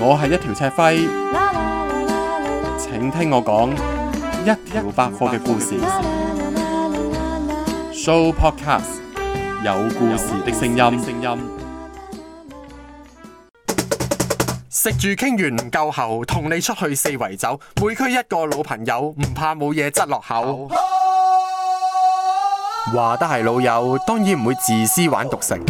我係一條赤輝，請聽我講一條百貨嘅故事。故事 show podcast 有故事的聲音。食住傾完唔夠喉，同你出去四圍走，每區一個老朋友，唔怕冇嘢執落口。話得係老友，當然唔會自私玩獨食。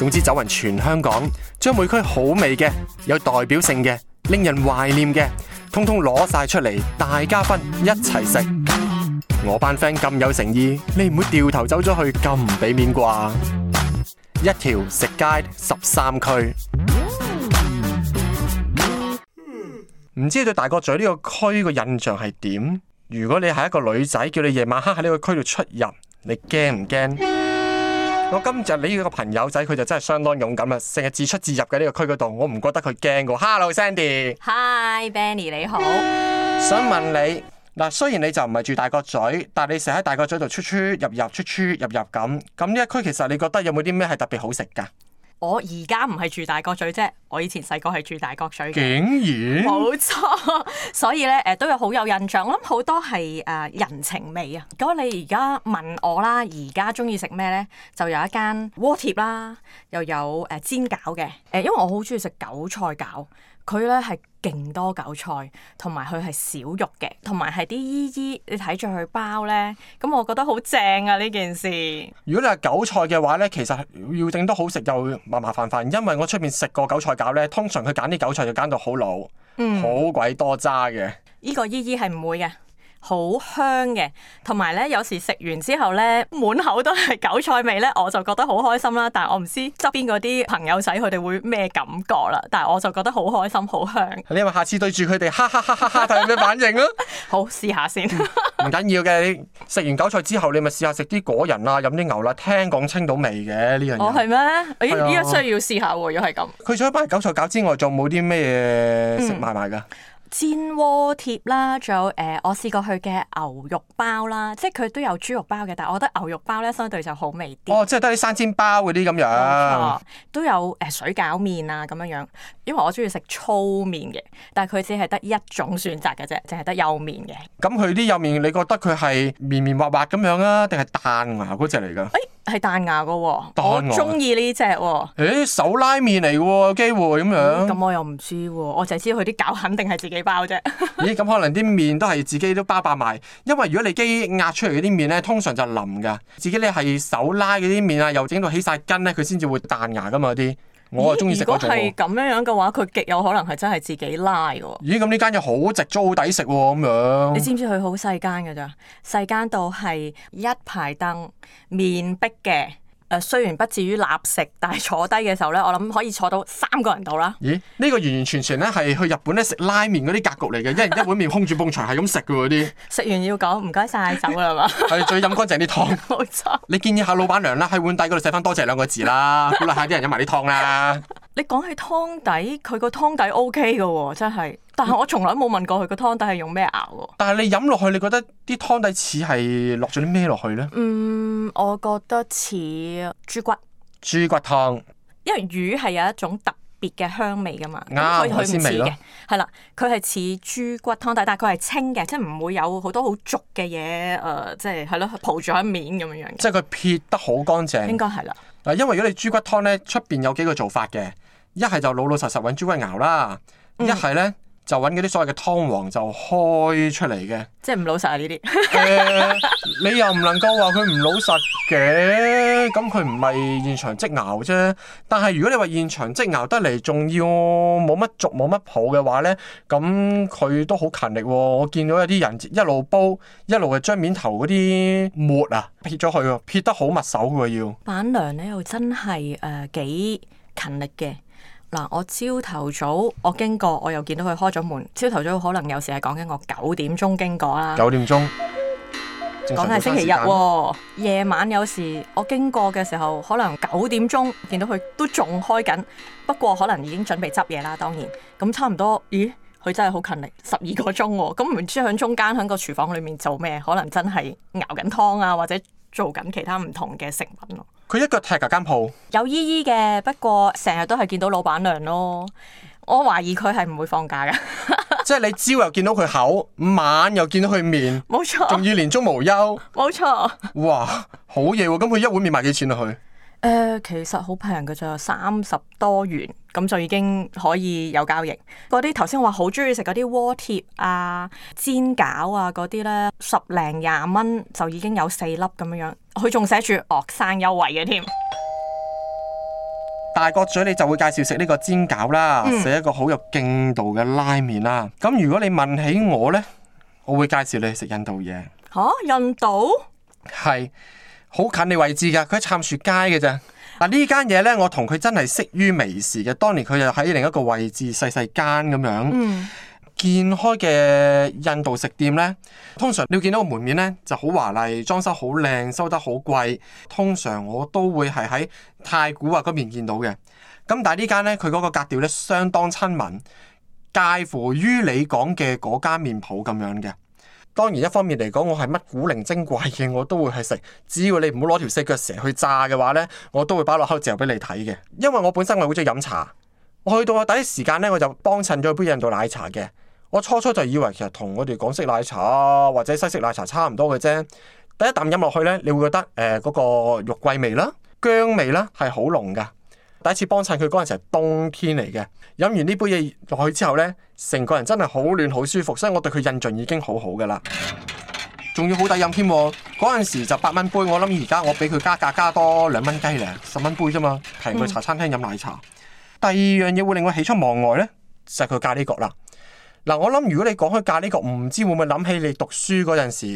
總之走勻全香港，將每區好味嘅、有代表性嘅、令人懷念嘅，通通攞晒出嚟，大家分一齊食。我班 friend 咁有誠意，你唔會掉頭走咗去，咁唔俾面啩？一條食街，十三區，唔 知你對大角咀呢個區個印象係點？如果你係一個女仔，叫你夜晚黑喺呢個區度出入，你驚唔驚？我今日你呢個朋友仔佢就真係相當勇敢呀，成日自出自入嘅呢個區嗰度，我唔覺得佢驚嘅。Hello Sandy，Hi Benny 你好，想問你嗱，雖然你就唔係住大角咀，但係你成日喺大角咀度出出入入，出出入入咁，咁呢一區其實你覺得有冇啲咩係特別好食㗎？我而家唔係住大角咀啫，我以前細個係住大角咀嘅。竟然冇錯，所以咧誒、呃、都有好有印象。我諗好多係誒、呃、人情味啊。如果你而家問我啦，而家中意食咩咧？就有一間鍋貼啦，又有誒煎餃嘅。誒、呃，因為我好中意食韭菜餃。佢咧係勁多韭菜，同埋佢係少肉嘅，同埋係啲姨姨。你睇住佢包呢，咁我覺得好正啊！呢件事，如果你係韭菜嘅話呢，其實要整得好食又麻麻煩煩，因為我出面食過韭菜餃呢，通常佢揀啲韭菜就揀到好老，好鬼、嗯、多渣嘅。呢個姨姨係唔會嘅。好香嘅，同埋咧，有時食完之後咧，滿口都係韭菜味咧，我就覺得好開心啦。但係我唔知側邊嗰啲朋友仔佢哋會咩感覺啦。但係我就覺得好開心，好香。你話下次對住佢哋，哈哈哈！哈哈，睇下咩反應咯、啊。 好，試下先。唔緊要嘅，你食完韭菜之後，你咪試下食啲果仁啊，飲啲牛奶。聽講清到味嘅呢樣嘢。哦，係咩？依依個需要試下喎，如果係咁。佢除咗唔係韭菜餃之外，仲冇啲咩嘢食埋埋噶？嗯煎鍋貼啦，仲有誒、呃，我試過佢嘅牛肉包啦，即係佢都有豬肉包嘅，但係我覺得牛肉包咧相對就好味啲。哦，即係得啲生煎包嗰啲咁樣。冇錯，都有誒、呃、水餃麵啊咁樣樣，因為我中意食粗麵嘅，但係佢只係得一種選擇嘅啫，淨係得幼麵嘅。咁佢啲幼麵，你覺得佢係綿綿滑滑咁樣啊，定係彈牙嗰隻嚟㗎？哎係彈牙噶，牙我中意呢隻喎。手拉麵嚟喎，機會咁樣。咁、嗯、我又唔知喎，我就係知道佢啲餃肯定係自己包啫。咦、 欸，咁可能啲麵都係自己都包埋，因為如果你機壓出嚟啲麵咧，通常就腍噶。自己咧係手拉嗰啲麵啊，又整到起晒筋咧，佢先至會彈牙噶嘛啲。我就中意食，如果係咁樣樣嘅話，佢極有可能係真係自己拉喎。咦？咁呢間嘢好值租，好抵食喎，咁樣。你知唔知佢好細間㗎？咋細間到係一排燈面壁嘅。嗯誒雖然不至於立食，但係坐低嘅時候咧，我諗可以坐到三個人度啦。咦？呢、呢個完完全全咧係去日本咧食拉麵嗰啲格局嚟嘅， 一人一碗麵空住捧場，係咁食嘅喎啲。食 完要講唔該晒走啦嘛。係，再 飲乾淨啲湯，冇錯。你建議下老闆娘啦，喺碗底嗰度寫翻多謝兩個字啦，鼓勵 下啲人飲埋啲湯啦。 你講起湯底，佢個湯底 O K 嘅喎，真係。但係我從來冇問過佢個湯底係用咩熬喎。但係你飲落去，你覺得啲湯底似係落咗啲咩落去咧？嗯，我覺得似豬骨。豬骨湯。因為魚係有一種特別嘅香味噶嘛。啱對，海鮮味嘅。係啦，佢係似豬骨湯底，但係佢係清嘅，即係唔會有好多好濁嘅嘢。誒、呃，即係係咯，泡住喺面咁樣樣。即係佢撇得好乾淨。應該係啦。嗱，因為如果你豬骨湯咧，出邊有幾個做法嘅，一係就老老實實揾豬骨熬啦，一係咧。就揾嗰啲所謂嘅湯王就開出嚟嘅，即係唔老實啊！呢啲、 呃，你又唔能夠話佢唔老實嘅，咁佢唔係現場即熬啫。但係如果你話現場即熬得嚟，仲要冇乜濁冇乜泡嘅話咧，咁佢都好勤力、哦。我見到有啲人一路煲，一路誒將麵頭嗰啲沫啊撇咗去、哦，撇得好密手嘅。要闆娘咧又真係誒幾勤力嘅。嗱，我朝頭早我經過，我又見到佢開咗門。朝頭早可能有時係講緊我九點鐘經過啦。九點鐘，講緊係星期日、啊。夜晚有時我經過嘅時候，可能九點鐘見到佢都仲開緊，不過可能已經準備執嘢啦。當然，咁差唔多。咦，佢真係好勤力，十二個鐘、啊。咁唔知喺中間喺個廚房裏面做咩？可能真係熬緊湯啊，或者。做緊其他唔同嘅食品咯，佢一腳踢架，間鋪有姨姨嘅，不過成日都係見到老闆娘咯。我懷疑佢係唔會放假嘅， 即係你朝又見到佢口，晚又見到佢面，冇錯，仲要年中無休，冇錯。哇，好嘢喎、啊！咁佢一碗麵賣幾錢啊？佢？誒、呃，其實好平嘅啫，三十多元，咁就已經可以有交易。嗰啲頭先我話好中意食嗰啲鍋貼啊、煎餃啊嗰啲呢，十零廿蚊就已經有四粒咁樣。佢仲寫住學生優惠嘅添。大個嘴你就會介紹食呢個煎餃啦，食、嗯、一個好有勁度嘅拉麵啦。咁如果你問起我呢，我會介紹你食印度嘢。吓、啊，印度？係。好近你位置噶，佢喺杉樹街嘅啫。嗱、啊、呢間嘢呢，我同佢真係識於微時嘅。當年佢就喺另一個位置細細間咁樣、嗯、建開嘅印度食店呢，通常你見到個門面呢就好華麗，裝修好靚，收得好貴。通常我都會係喺太古或嗰邊見到嘅。咁但係呢間呢，佢嗰個格調呢相當親民，介乎於你講嘅嗰間麵鋪咁樣嘅。當然一方面嚟講，我係乜古靈精怪嘅，我都會係食。只要你唔好攞條四腳蛇去炸嘅話呢，我都會擺落口嚼俾你睇嘅。因為我本身我好中意飲茶，我去到啊第一時間呢，我就幫襯咗杯印度奶茶嘅。我初初就以為其實同我哋港式奶茶或者西式奶茶差唔多嘅啫。第一啖飲落去呢，你會覺得誒嗰、呃那個肉桂味啦、薑味啦係好濃㗎。第一次幫襯佢嗰陣時係冬天嚟嘅，飲完呢杯嘢落去之後呢，成個人真係好暖好舒服，所以我對佢印象已經好好嘅啦。仲要好抵飲添，嗰陣時就八蚊杯，我諗而家我俾佢加價加多兩蚊雞咧，十蚊杯啫嘛，平去茶餐廳飲奶茶。嗯、第二樣嘢會令我喜出望外呢，就係、是、佢咖喱角啦。嗱，我諗如果你講開咖喱角，唔知會唔會諗起你讀書嗰陣時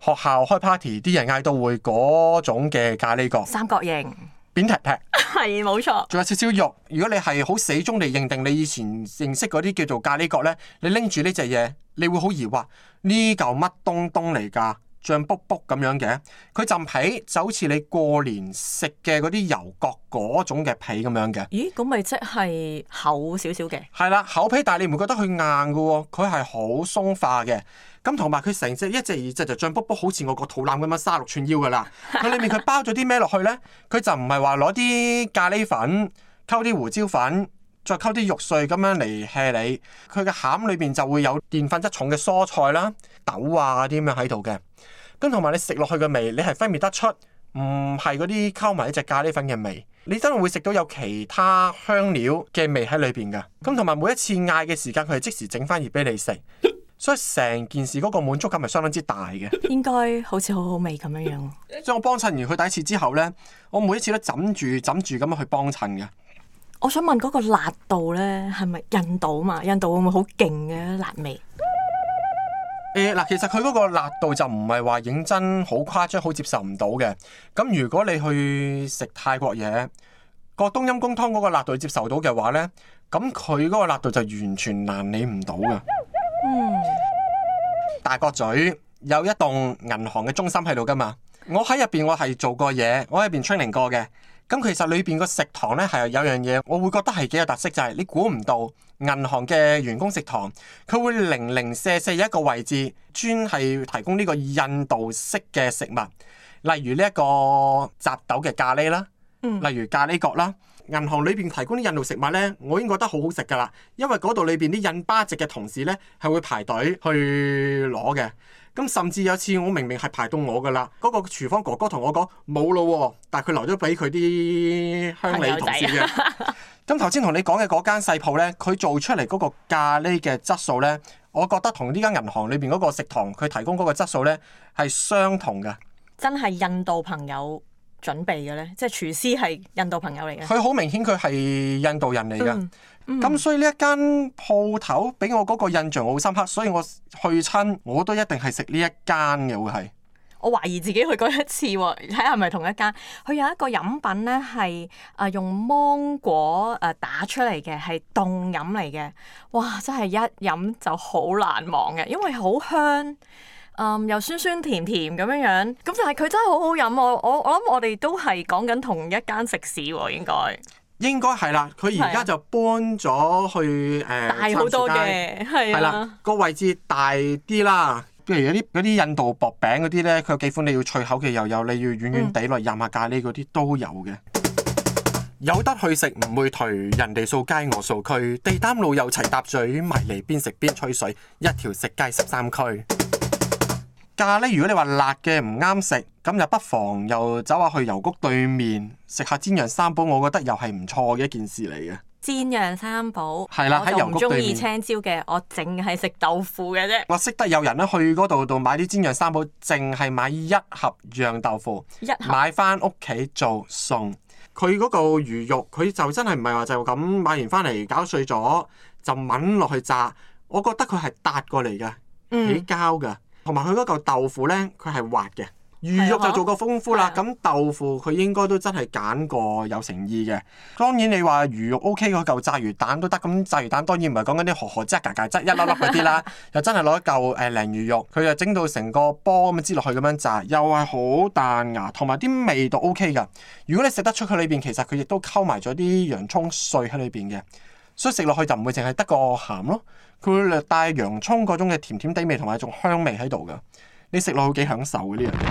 學校開 party 啲人嗌到會嗰種嘅咖喱角。三角形，扁踢踢。.係冇錯，仲有少少肉。如果你係好死忠地認定你以前認識嗰啲叫做咖喱角呢，你拎住呢隻嘢，你會好疑惑呢嚿乜東東嚟㗎？脹卜卜咁樣嘅，佢浸皮就好似你過年食嘅嗰啲油角嗰種嘅皮咁樣嘅。咦，咁咪即係厚少少嘅？係啦，厚皮，但係你唔會覺得佢硬嘅喎？佢係好鬆化嘅。咁同埋佢成隻一隻二隻就脹卜卜，好似我個肚腩咁樣三六寸腰噶啦。佢裏面佢包咗啲咩落去呢？佢 就唔係話攞啲咖喱粉溝啲胡椒粉，再溝啲肉碎咁樣嚟吃你。佢嘅餡裏面就會有澱粉質重嘅蔬菜啦。豆啊啲咁樣喺度嘅，咁同埋你食落去嘅味，你係分辨得出唔係嗰啲溝埋一隻咖喱粉嘅味，你真係會食到有其他香料嘅味喺裏邊嘅。咁同埋每一次嗌嘅時間，佢係即時整翻熱俾你食，所以成件事嗰個滿足感係相當之大嘅。應該好似好好味咁樣樣。所以我幫襯完佢第一次之後呢，我每一次都枕住枕住咁樣去幫襯嘅。我想問嗰個辣度呢，係咪印度啊嘛？印度會唔會好勁嘅辣味？嗱，其實佢嗰個辣度就唔係話認真好誇張，好接受唔到嘅。咁如果你去食泰國嘢，個冬陰功湯嗰個辣度接受到嘅話呢，咁佢嗰個辣度就完全難理唔到噶。 大角咀有一棟銀行嘅中心喺度噶嘛？我喺入邊，我係做過嘢，我喺入邊 training 過嘅。咁其實裏邊個食堂呢，係有樣嘢，我會覺得係幾有特色，就係、是、你估唔到。銀行嘅員工食堂，佢會零零舍舍一個位置，專係提供呢個印度式嘅食物，例如呢一個雜豆嘅咖喱啦，嗯，例如咖喱角啦。銀行裏邊提供啲印度食物呢，我已經覺得好好食噶啦，因為嗰度裏邊啲印巴籍嘅同事呢，係會排隊去攞嘅。咁甚至有次我明明係排到我噶啦，嗰、個廚房哥哥同我講冇啦，但係佢留咗俾佢啲鄉里同事嘅。友 咁頭先同你講嘅嗰間細鋪呢，佢做出嚟嗰個咖喱嘅質素呢，我覺得同呢間銀行裏邊嗰個食堂佢提供嗰個質素呢係相同嘅。真係印度朋友準備嘅呢，即係廚師係印度朋友嚟嘅。佢好明顯佢係印度人嚟㗎。咁、嗯嗯嗯、所以呢一間鋪頭俾我嗰個印象好深刻，所以我去親我都一定係食呢一間嘅會係。我懷疑自己去過一次喎，睇下係咪同一間？佢有一個飲品咧，係啊用芒果誒打出嚟嘅，係凍飲嚟嘅。哇！真係一飲就好難忘嘅，因為好香，嗯又酸酸甜甜咁樣樣。咁但係佢真係好好飲，我我我諗我哋都係講緊同一間食肆喎，應該應該係啦。佢而家就搬咗去誒，啊呃、大好多嘅係啦，個位置大啲啦。譬如有啲啲印度薄餅嗰啲呢，佢有幾款你要脆口嘅又有，你要軟軟地落嚟蘸下咖喱嗰啲都有嘅。嗯、有得去食唔會退，人哋掃街我掃區，地攤路又齊搭嘴，埋嚟邊食邊吹水，一條食街十三區。咖喱如果你話辣嘅唔啱食，咁就不妨又走下去油谷對面食下煎釀三寶，我覺得又係唔錯嘅一件事嚟嘅。煎釀三寶，係喇，我唔中意青椒嘅，我淨係食豆腐嘅啫。我識得有人咧去嗰度度買啲煎釀三寶，淨係買一盒釀豆腐，一盒買翻屋企做餸。佢嗰嚿魚肉，佢就真係唔係話就咁買完翻嚟搞碎咗就炆落去炸。我覺得佢係搭過嚟嘅，嗯、起膠噶，同埋佢嗰嚿豆腐呢，佢係滑嘅。魚肉就做過豐富啦，咁對豆腐佢應該都真係揀過有誠意嘅。當然你話魚肉 OK，個嚿炸魚蛋都得。咁炸魚蛋當然唔係講緊啲河河質、芥芥質一粒粒嗰啲啦， 又真係攞一嚿誒鯪魚肉，佢又整到成個波咁樣擠落去咁樣炸，又係好彈牙，同埋啲味道 OK 噶。如果你食得出佢裏邊，其實佢亦都溝埋咗啲洋葱碎喺裏邊嘅，所以食落去就唔會淨係得個鹹咯，佢會略帶洋葱嗰種嘅甜甜地味同埋一種香味喺度噶。你食落去幾享受呢樣嘢。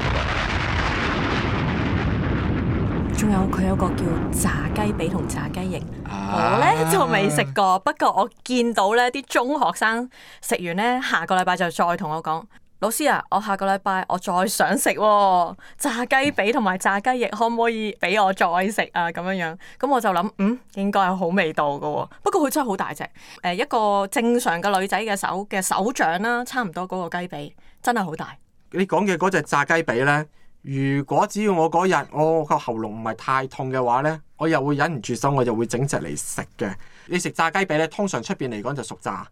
仲有佢有個叫炸雞髀同炸雞翼，啊、我呢就未食過。不過我見到呢啲中學生食完呢，下個禮拜就再同我講，老師啊，我下個禮拜我再想食，哦、炸雞髀同埋炸雞翼，可唔可以俾我再食啊？咁樣樣，咁我就諗，嗯，應該係好味道嘅，哦。不過佢真係好大隻，誒，一個正常嘅女仔嘅手嘅手掌啦，差唔多嗰個雞髀真係好大。.你講嘅嗰隻炸雞髀呢，如果只要我嗰日我個喉嚨唔係太痛嘅話呢，我又會忍唔住手，我就會整隻嚟食嘅。你食炸雞髀呢，通常出邊嚟講就熟炸，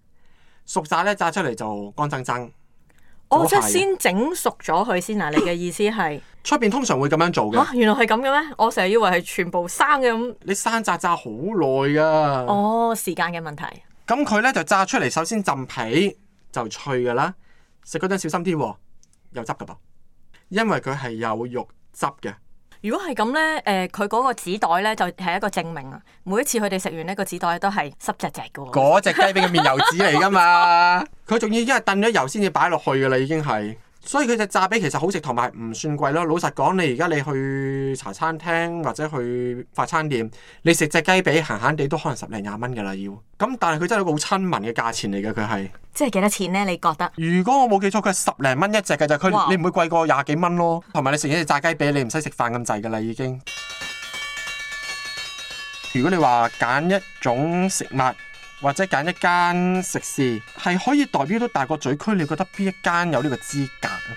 熟炸呢，炸出嚟就乾爭爭。我即係先整熟咗佢先啊！你嘅意思係出邊通常會咁樣做嘅、啊。原來係咁嘅咩？我成日以為係全部生嘅咁。你生炸炸好耐噶、啊。哦，時間嘅問題。咁佢呢就炸出嚟，首先浸皮就脆噶啦，食嗰陣小心啲、啊。有汁噶噃，因為佢係有肉汁嘅。如果係咁呢，誒、呃，佢嗰個紙袋呢就係、是、一個證明啊！每一次佢哋食完呢、呢個紙袋都係濕滯滯嘅喎。嗰隻 雞髀嘅面油紙嚟㗎嘛，佢仲 要因為燉咗油先至擺落去㗎啦，已經係。所以佢隻炸髀其實好食，同埋唔算貴咯。老實講，你而家你去茶餐廳或者去快餐店，你食隻雞髀閒閒地都可能十零廿蚊噶啦要。咁但係佢真係一個好親民嘅價錢嚟嘅，佢係。即係幾多錢呢？你覺得？如果我冇記錯，佢係十零蚊一隻嘅就係佢，你唔會貴過廿幾蚊咯。同埋你食一隻炸雞髀，你唔使食飯咁滯噶啦已經。如果你話揀一種食物。或者揀一間食肆係可以代表到大個嘴區，你覺得邊一間有呢個資格啊？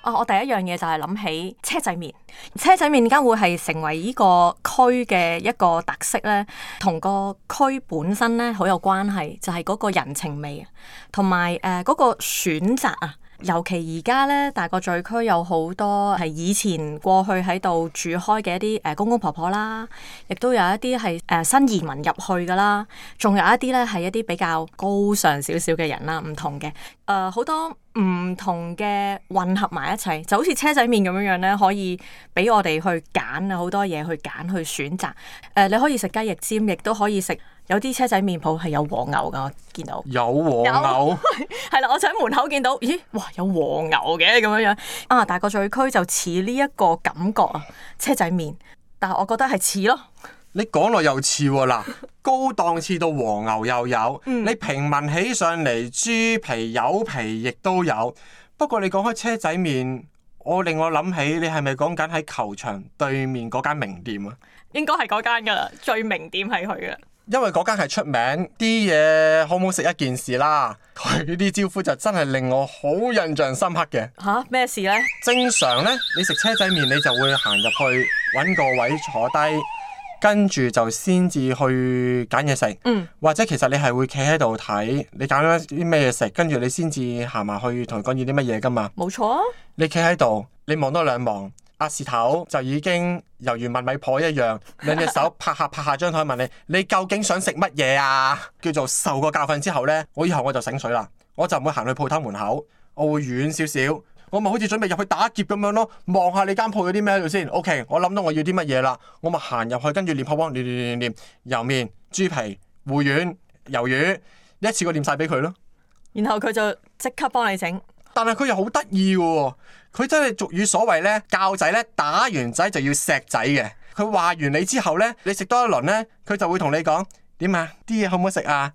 啊，我第一樣嘢就係諗起車仔麵，車仔麵點解會係成為呢個區嘅一個特色呢？同個區本身呢，好有關係，就係、是、嗰個人情味同埋誒嗰個選擇啊。尤其而家咧，大角咀區有好多係以前過去喺度住開嘅一啲誒、呃、公公婆婆啦，亦都有一啲係誒新移民入去㗎啦，仲有一啲咧係一啲比較高尚少少嘅人啦，唔同嘅誒好多唔同嘅混合埋一齊，就好似車仔麵咁樣樣咧，可以俾我哋去揀啊，好多嘢去揀去選擇。誒、呃，你可以食雞翼尖，亦都可以食。有啲車仔麵鋪係有黃牛噶，我見到有黃牛係啦！我喺門口見到，咦哇！有黃牛嘅咁樣樣啊！大個嘴區就似呢一個感覺啊，車仔麵，但係我覺得係似咯。你講落又似喎嗱， 高檔次到黃牛又有，嗯、你平民起上嚟豬皮、柚皮亦都有。不過你講開車仔麵，我令我諗起你係咪講緊喺球場對面嗰間名店啊？應該係嗰間噶啦，最名店係佢嘅。因為嗰間係出名，啲嘢好唔好食一件事啦。佢啲招呼就真係令我好印象深刻嘅。吓？咩事呢？正常呢，你食車仔麵，你就會行入去搵個位坐低，跟住就先至去揀嘢食。嗯，或者其實你係會企喺度睇，你揀咗啲咩嘢食，跟住你先至行埋去同佢講要啲乜嘢噶嘛。冇錯啊！你企喺度，你望多兩望。阿士頭就已經猶如問米婆一樣，兩隻手拍下拍下張台問你：你究竟想食乜嘢啊？叫做受過教訓之後呢，我以後我就醒水啦，我就唔會行去鋪頭門口，我會遠少少，我咪好似準備入去打劫咁樣咯，望下你間鋪有啲咩喺度先。OK，我諗到我要啲乜嘢啦，我咪行入去跟住念口簧，念念念念油麵、豬皮、芋丸、魷魚，一次過念晒俾佢咯。然後佢就即刻幫你整。但係佢又好得意喎，佢真係俗語所謂咧，教仔咧，打完仔就要錫仔嘅。佢話完你之後咧，你食多一輪咧，佢就會同你講點啊，啲嘢好唔好食啊？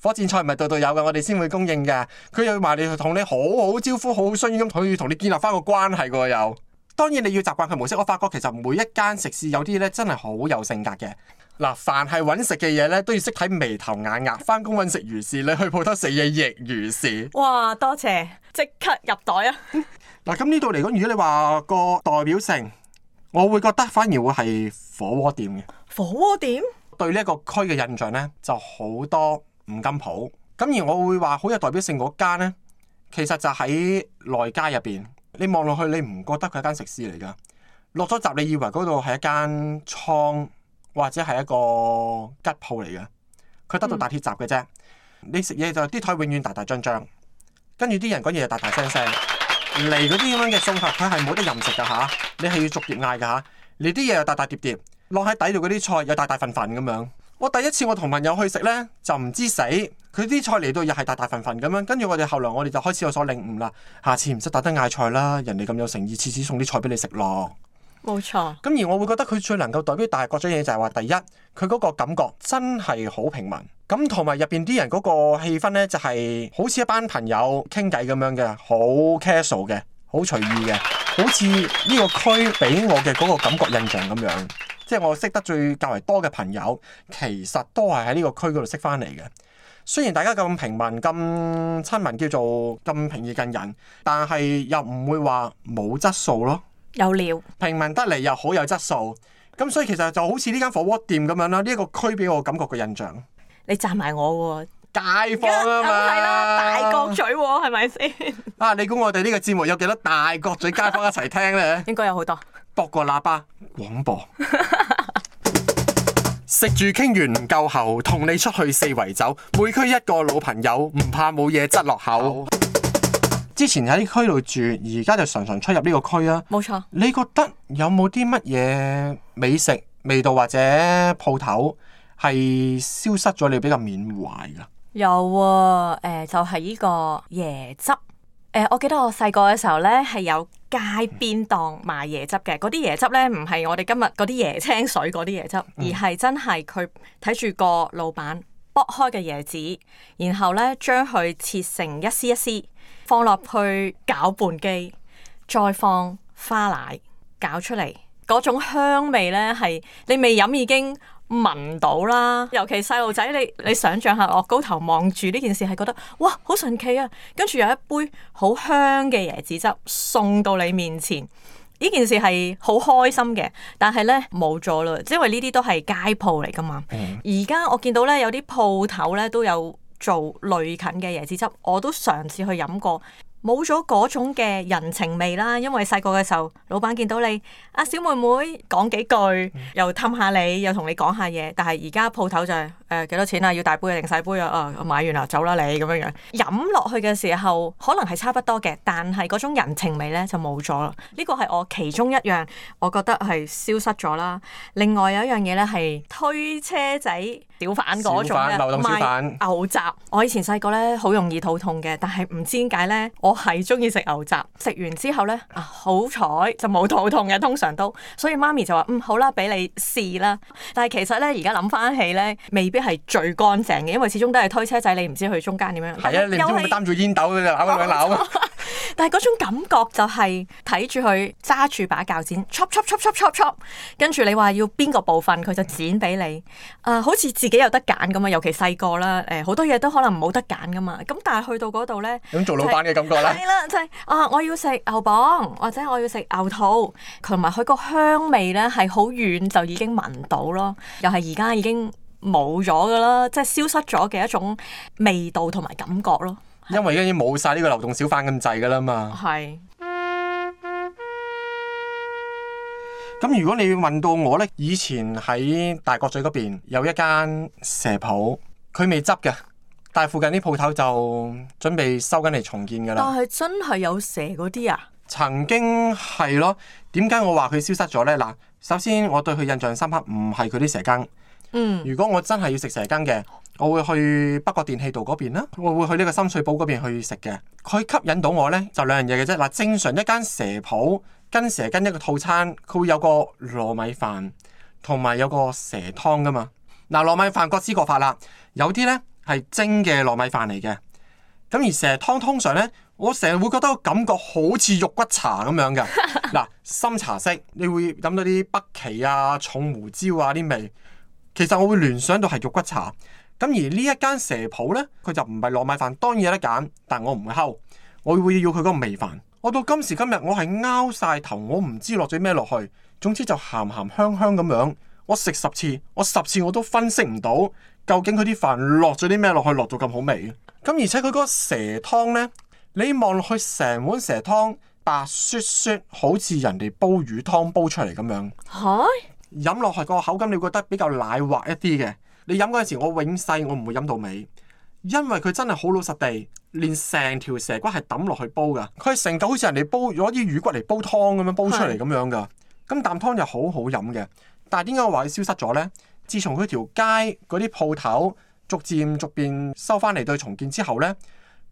火箭菜唔係度度有嘅，我哋先會供應嘅。佢又要話你同你好好招呼，好好相處咁，佢同你建立翻個關係喎又。當然你要習慣佢模式。我發覺其實每一間食肆有啲咧真係好有性格嘅。嗱，凡係揾食嘅嘢咧，都要識睇眉頭眼額。翻工揾食如是，你去鋪頭食嘢亦如是。哇，多謝，即刻入袋啊！嗱，咁呢度嚟講，如果你話個代表性，我會覺得反而會係火鍋店嘅。火鍋店對呢一個區嘅印象呢就好多五金鋪。咁而我會話好有代表性嗰間呢，其實就喺內街入邊。你望落去，你唔覺得佢係間食肆嚟噶？落咗閘，你以為嗰度係一間倉？或者係一個吉鋪嚟嘅，佢得到大鐵閘嘅啫。嗯、你食嘢就啲枱永遠大大張張，跟住啲人講嘢又大大聲聲。嚟嗰啲咁樣嘅送法，佢係冇得任食噶吓，你係要逐碟嗌嘅嚇。你啲嘢又大大碟碟，落喺底度嗰啲菜又大大份份咁樣。我第一次我同朋友去食呢，就唔知死，佢啲菜嚟到又係大大份份咁樣。跟住我哋後來我哋就開始有所領悟啦。下次唔識打得嗌菜啦，人哋咁有誠意，次次送啲菜俾你食囉。冇錯，咁而我會覺得佢最能夠代表大各種嘢就係話，第一佢嗰個感覺真係好平民，咁同埋入邊啲人嗰個氣氛呢，就係好似一班朋友傾偈咁樣嘅，好 casual 嘅，好隨意嘅，好似呢個區俾我嘅嗰個感覺印象咁樣。即係我識得最較為多嘅朋友，其實都係喺呢個區嗰度識返嚟嘅。雖然大家咁平民、咁親民，叫做咁平易近人，但係又唔會話冇質素咯。有料，平民得嚟又好有質素，咁所以其實就好似呢間火鍋店咁樣啦。呢、這、一個區俾我感覺嘅印象，你讚埋我喎、啊，街坊啊嘛，啊就是、大角咀喎、啊，係咪先？啊，你估我哋呢個節目有幾多大角咀街坊一齊聽呢？ 應該有好多，博個喇叭廣播，食住傾完唔夠喉，同你出去四圍走，每區一個老朋友，唔怕冇嘢擠落口。之前喺啲區度住，而家就常常出入呢個區啦、啊。冇錯，你覺得有冇啲乜嘢美食味道或者鋪頭係消失咗？你比較緬懷㗎？有誒、啊呃，就係、是、呢個椰汁誒、呃。我記得我細個嘅時候咧，係有街邊檔賣椰汁嘅。嗰啲、嗯、椰汁咧，唔係我哋今日嗰啲椰青水嗰啲椰汁，嗯、而係真係佢睇住個老闆剝開嘅椰子，然後咧將佢切成一絲一絲。放落去攪拌機，再放花奶攪，攪出嚟嗰種香味咧，係你未飲已經聞到啦。尤其細路仔，你你想象下我，我高頭望住呢件事，係覺得哇，好神奇啊！跟住有一杯好香嘅椰子汁送到你面前，呢件事係好開心嘅。但係咧冇咗啦，因為呢啲都係街鋪嚟㗎嘛。而家、嗯、我見到咧有啲鋪頭咧都有。做類近嘅椰子汁，我都嘗試去飲過，冇咗嗰種嘅人情味啦。因為細個嘅時候，老闆見到你阿、啊、小妹妹講幾句，又氹下你，又同你講下嘢。但係而家鋪頭就誒、係、幾、呃、多錢啊？要大杯定細杯啊？啊，買完啦，走啦，你咁樣樣飲落去嘅時候，可能係差不多嘅，但係嗰種人情味咧就冇咗啦。呢個係我其中一樣，我覺得係消失咗啦。另外有一樣嘢咧係推車仔。小販嗰種，賣牛雜。我以前細個咧，好容易肚痛嘅，但係唔知點解咧，我係中意食牛雜。食完之後咧，啊，好彩就冇肚痛嘅，通常都。所以媽咪就話：嗯，好啦，俾你試啦。但係其實咧，而家諗翻起咧，未必係最乾淨嘅，因為始終都係推車仔，你唔知佢中間點樣。係啊，又是你唔知係咪擔住煙斗喺兩樓。 但係嗰種感覺就係睇住佢揸住把鉸剪，跟住你話要邊個部分佢就剪俾你，啊，好似自己有得揀咁啊，尤其細個啦，誒，好多嘢都可能冇得揀噶嘛，咁但係去到嗰度咧，咁做老闆嘅感覺咧，係啦，就係啊，我要食牛膀，或者我要食牛肚，同埋佢個香味呢，係好遠就已經聞到咯，又係而家已經冇咗噶啦，即係消失咗嘅一種味道同埋感覺咯。因為已經冇晒呢個流動小販咁滯噶啦嘛，係是。咁如果你問到我呢，以前喺大角咀嗰邊有一間蛇鋪，佢未執嘅，但係附近啲鋪頭就準備收緊嚟，重建噶啦。但係真係有蛇嗰啲啊？曾經係咯，點解我話佢消失咗呢？嗱，首先我對佢印象深刻唔係佢啲蛇羹，嗯，如果我真係要食蛇羹嘅。我會去北角電氣道嗰邊啦，我會去呢個深水埗嗰邊去食嘅。佢吸引到我呢，就兩樣嘢嘅啫。嗱，正常一間蛇鋪跟蛇羹一個套餐，佢會有個糯米飯同埋有個蛇湯㗎嘛。嗱、啊，糯米飯各施各法啦，有啲呢係蒸嘅糯米飯嚟嘅。咁而蛇湯通常呢，我成日會覺得感覺好似肉骨茶咁樣嘅。嗱、 啊，深茶色，你會飲到啲北芪啊、重胡椒啊啲味，其實我會聯想到係肉骨茶。咁而呢一間蛇鋪呢，佢就唔係糯米飯，當然有得揀，但我唔會摳，我會要佢個味飯。我到今時今日，我係拗晒頭，我唔知落咗咩落去。總之就鹹鹹香香咁樣。我食十次，我十次我都分析唔到究竟佢啲飯落咗啲咩落去，落到咁好味。咁而且佢嗰個蛇湯呢，你望落去成碗蛇湯白雪雪，好似人哋煲魚湯煲出嚟咁樣。吓、啊！飲落去個口感，你會覺得比較奶滑一啲嘅。你飲嗰陣時，我永世我唔會飲到尾，因為佢真係好老實地，連成條蛇骨係抌落去煲噶，佢係成嚿好似人哋煲攞啲魚骨嚟煲湯咁樣煲出嚟咁樣噶，咁啖是湯又好好飲嘅。但係點解我話佢消失咗呢？自從佢條街嗰啲鋪頭逐漸逐漸收翻嚟對重建之後呢，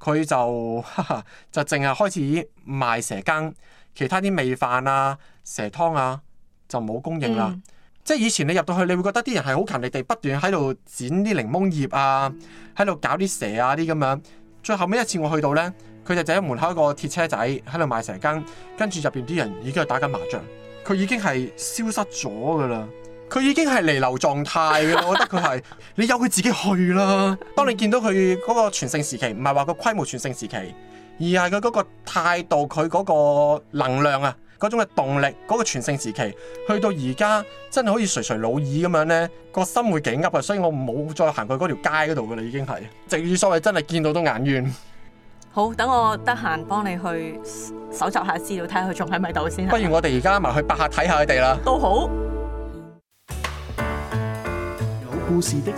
佢就哈哈， 就淨係開始賣蛇羹，其他啲味飯啊、蛇湯啊就冇供應啦。嗯即係以前你入到去，你會覺得啲人係好勤力地不斷喺度剪啲檸檬葉啊，喺度搞啲蛇啊啲咁樣。最後尾一次我去到呢，佢就整喺門口一個鐵車仔喺度賣蛇羹，跟住入邊啲人已經係打緊麻將，佢已經係消失咗㗎喇，佢已經係彌留狀態嘅。我覺得佢係你由佢自己去啦。 當你見到佢嗰個全盛時期，唔係話個規模全盛時期，而係佢嗰個態度，佢嗰個能量啊！嗰種嘅動力，嗰、嗰個全盛時期，去到而家真係好似垂垂老矣咁樣呢，個心會幾噏啊！所以我冇再行去嗰條街嗰度噶啦，已經係，直言所謂真係見到都眼冤。好，等我得閒幫你去搜集下資料，睇下佢仲喺咪度先。不如我哋而家埋去百客睇下佢哋啦。都好。有、no、故事的。